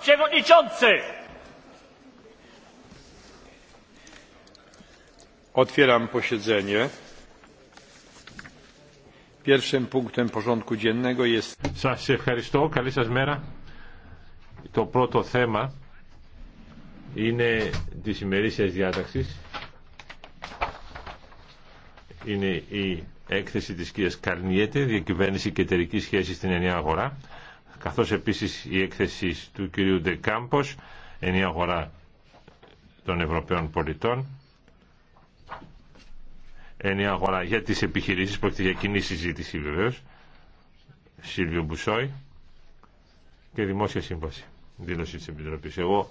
przewodniczący! Otwieram posiedzenie. Pierwszym dziennego jest... Σας ευχαριστώ. Καλή σας μέρα. Το πρώτο θέμα είναι της ημερήσιας διάταξης. Είναι η έκθεση της κυρίας Καρνιέται διακυβέρνηση και εταιρική σχέση στην ενιαία αγορά καθώς επίσης η έκθεση του κυρίου Ντεκάμπος εν αγορά των Ευρωπαίων πολιτών εν αγορά για τις επιχειρήσεις πρόκειται για κοινή συζήτηση βεβαίως Σίλβιο Μπουσόη και δημόσια σύμβαση δήλωση της Επιτροπής εγώ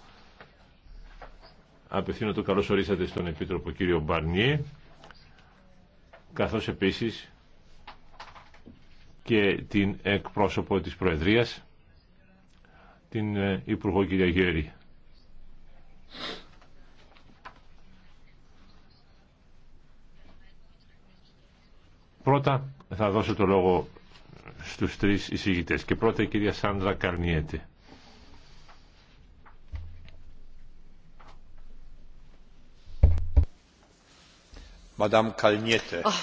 απευθύνω το καλώς ορίσατε στον Επίτροπο κύριο Μπαρνιέ καθώς επίσης και την εκπρόσωπο της Προεδρίας, την ε, Υπουργό κυρία Γέρη. Πρώτα θα δώσω το λόγο στους τρεις εισηγητές και πρώτα η κυρία Σάντρα Καρνιέτη. Madame Kalniete. Oh, ah,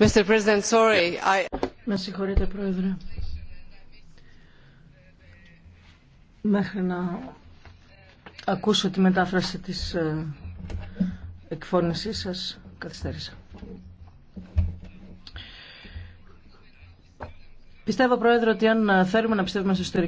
Mr. President, sorry. I... Με συγχωρείτε Πρόεδρε. Μέχρι να ακούσω τη μετάφραση της ε, εκφώνησής σας, καθυστέρησα. Πιστεύω, Πρόεδρε, ότι αν θέλουμε να πιστεύουμε στο